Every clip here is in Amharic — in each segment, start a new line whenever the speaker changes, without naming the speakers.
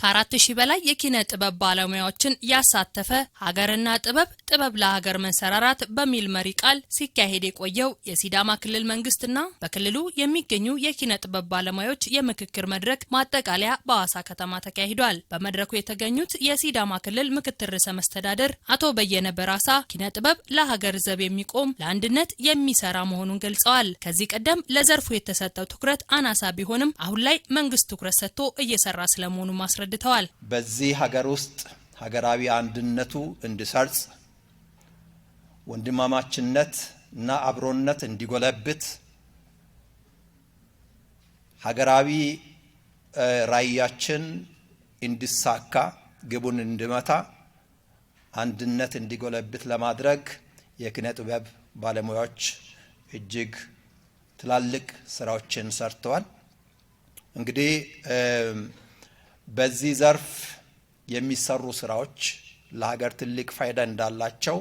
ከአራት ሺህ በላይ የኪነ ጥበብ ባለሙያዎችን ያሳተፈ ሀገርና ጥበብ ጥበብ ለሀገር መንሰራራት በሚል መሪ ቃል ሲካሄድ የቆየው የሲዳማ ክልል መንግስትና በክልሉ የሚገኙ የኪነ ጥበብ ባለሙያዎች የምክክር መድረክ ማጠቃለያ በአዋሳ ከተማ ተካሂዷል። በመድረኩ የተገኙት የሲዳማ ክልል ምክትል ርዕሰ መስተዳደር አቶ በየነ በራሳ ኪነ ጥበብ ለሀገር ዘብ የሚቆም ለአንድነት የሚሰራ መሆኑን ገልጸዋል። ከዚህ ቀደም ለዘርፉ የተሰጠው ትኩረት አናሳ ቢሆንም አሁን ላይ መንግስት ትኩረት ሰጥቶ እየሰራ ስለመሆኑ ማስረዳል አስረድተዋል።
በዚህ ሀገር ውስጥ ሀገራዊ አንድነቱ እንዲሰርጽ ወንድማማችነት እና አብሮነት እንዲጎለብት ሀገራዊ ራዕያችን እንዲሳካ ግቡን እንዲመታ አንድነት እንዲጎለብት ለማድረግ የኪነ ጥበብ ባለሙያዎች እጅግ ትላልቅ ስራዎችን ሰርተዋል። እንግዲህ በዚህ ዘርፍ የሚሰሩ ስራዎች ለሀገር ትልቅ ፋይዳ እንዳላቸው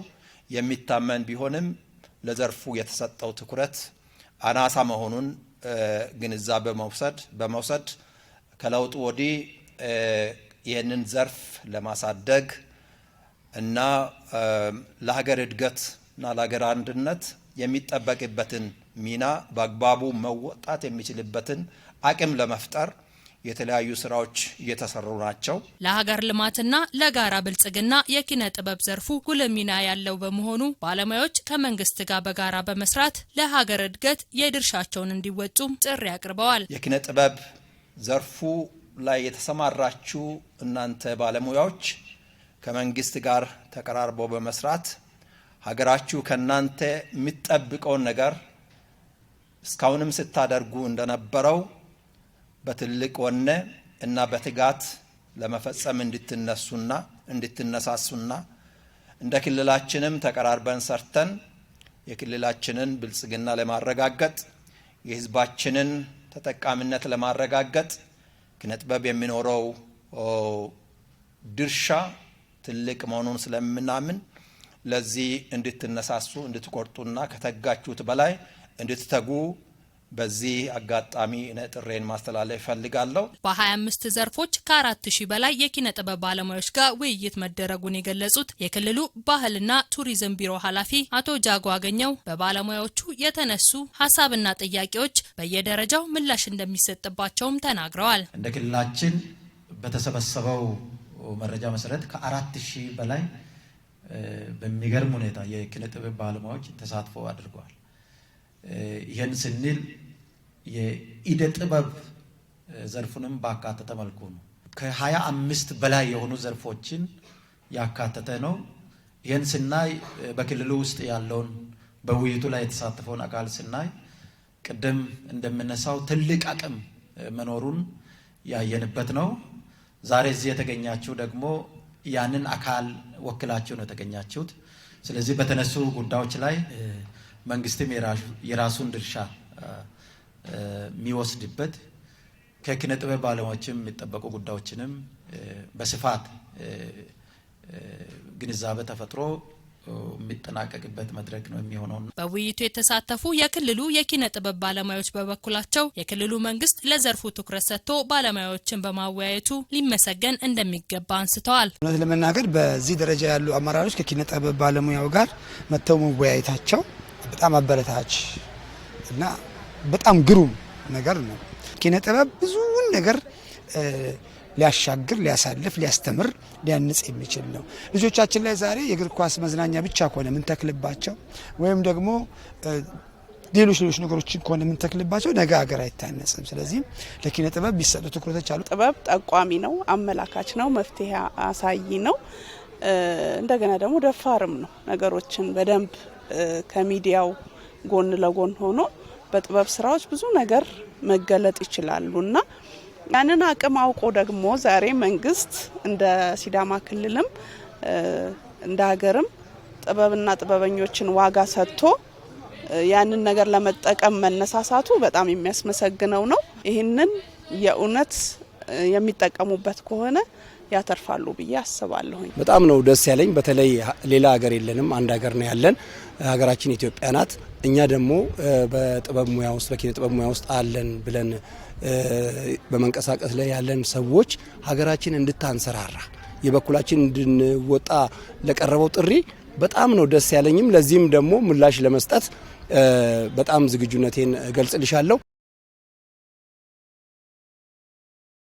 የሚታመን ቢሆንም ለዘርፉ የተሰጠው ትኩረት አናሳ መሆኑን ግንዛቤ በመውሰድ በመውሰድ ከለውጡ ወዲህ ይህንን ዘርፍ ለማሳደግ እና ለሀገር እድገት እና ለሀገር አንድነት የሚጠበቅበትን ሚና በአግባቡ መወጣት የሚችልበትን አቅም ለመፍጠር የተለያዩ ስራዎች እየተሰሩ ናቸው።
ለሀገር ልማትና ለጋራ ብልጽግና የኪነ ጥበብ ዘርፉ ጉልህ ሚና ያለው በመሆኑ ባለሙያዎች ከመንግስት ጋር በጋራ በመስራት ለሀገር እድገት የድርሻቸውን እንዲወጡም ጥሪ አቅርበዋል።
የኪነ ጥበብ ዘርፉ ላይ የተሰማራችሁ እናንተ ባለሙያዎች ከመንግስት ጋር ተቀራርቦ በመስራት ሀገራችሁ ከእናንተ የሚጠብቀውን ነገር እስካሁንም ስታደርጉ እንደነበረው በትልቅ ወኔ እና በትጋት ለመፈጸም እንድትነሱና እንድትነሳሱና እንደ ክልላችንም ተቀራርበን ሰርተን የክልላችንን ብልጽግና ለማረጋገጥ የህዝባችንን ተጠቃሚነት ለማረጋገጥ ክነጥበብ የሚኖረው ድርሻ ትልቅ መሆኑን ስለምናምን ለዚህ እንድትነሳሱ እንድትቆርጡና ከተጋችሁት በላይ እንድትተጉ በዚህ አጋጣሚ ጥሬን ማስተላለፍ ይፈልጋለሁ።
በ25 ዘርፎች ከ4 ሺህ በላይ የኪነ ጥበብ ባለሙያዎች ጋር ውይይት መደረጉን የገለጹት የክልሉ ባህልና ቱሪዝም ቢሮ ኃላፊ አቶ ጃጎ አገኘው በባለሙያዎቹ የተነሱ ሀሳብና ጥያቄዎች በየደረጃው ምላሽ እንደሚሰጥባቸውም ተናግረዋል።
እንደ ክልላችን በተሰበሰበው መረጃ መሰረት ከአራት ሺህ በላይ በሚገርም ሁኔታ የኪነ ጥበብ ባለሙያዎች ተሳትፎ አድርገዋል። ይህን ስንል የኢደ ጥበብ ዘርፉንም ባካተተ መልኩ ነው። ከሀያ አምስት በላይ የሆኑ ዘርፎችን ያካተተ ነው። ይህን ስናይ በክልሉ ውስጥ ያለውን በውይይቱ ላይ የተሳተፈውን አካል ስናይ ቅድም እንደምነሳው ትልቅ አቅም መኖሩን ያየንበት ነው። ዛሬ እዚህ የተገኛችሁ ደግሞ ያንን አካል ወክላችሁ ነው የተገኛችሁት። ስለዚህ በተነሱ ጉዳዮች ላይ መንግስትም የራሱን ድርሻ የሚወስድበት ከኪነ ጥበብ ባለሙያዎችም የሚጠበቁ ጉዳዮችንም በስፋት ግንዛቤ ተፈጥሮ የሚጠናቀቅበት መድረክ ነው የሚሆነው።
በውይይቱ የተሳተፉ የክልሉ የኪነ ጥበብ ባለሙያዎች በበኩላቸው የክልሉ መንግስት ለዘርፉ ትኩረት ሰጥቶ ባለሙያዎችን በማወያየቱ ሊመሰገን እንደሚገባ አንስተዋል።
እውነት ለመናገር በዚህ ደረጃ ያሉ አመራሮች ከኪነ ጥበብ ባለሙያው ጋር መጥተው መወያየታቸው በጣም አበረታች እና በጣም ግሩም ነገር ነው። ኪነ ጥበብ ብዙውን ነገር ሊያሻግር፣ ሊያሳልፍ፣ ሊያስተምር፣ ሊያንጽ የሚችል ነው። ልጆቻችን ላይ ዛሬ የእግር ኳስ መዝናኛ ብቻ ከሆነ የምንተክልባቸው ወይም ደግሞ ሌሎች ሌሎች ነገሮችን ከሆነ የምንተክልባቸው ነገ ሀገር አይታነጽም። ስለዚህ ለኪነ ጥበብ ቢሰጡ ትኩረቶች አሉ።
ጥበብ ጠቋሚ ነው፣ አመላካች ነው፣ መፍትሄ አሳይ ነው። እንደገና ደግሞ ደፋርም ነው ነገሮችን በደንብ ከሚዲያው ጎን ለጎን ሆኖ በጥበብ ስራዎች ብዙ ነገር መገለጥ ይችላሉ እና ያንን አቅም አውቆ ደግሞ ዛሬ መንግስት እንደ ሲዳማ ክልልም እንደ ሀገርም ጥበብና ጥበበኞችን ዋጋ ሰጥቶ ያንን ነገር ለመጠቀም መነሳሳቱ በጣም የሚያስመሰግነው ነው። ይህንን የእውነት የሚጠቀሙበት ከሆነ ያተርፋሉ ብዬ አስባለሁኝ።
በጣም ነው ደስ ያለኝ። በተለይ ሌላ ሀገር የለንም፣ አንድ ሀገር ነው ያለን፣ ሀገራችን ኢትዮጵያ ናት። እኛ ደግሞ በጥበብ ሙያ ውስጥ በኪነ ጥበብ ሙያ ውስጥ አለን ብለን በመንቀሳቀስ ላይ ያለን ሰዎች ሀገራችን እንድታንሰራራ የበኩላችን እንድንወጣ ለቀረበው ጥሪ በጣም ነው ደስ ያለኝም። ለዚህም ደግሞ ምላሽ ለመስጠት በጣም ዝግጁነቴን እገልጽልሻለሁ።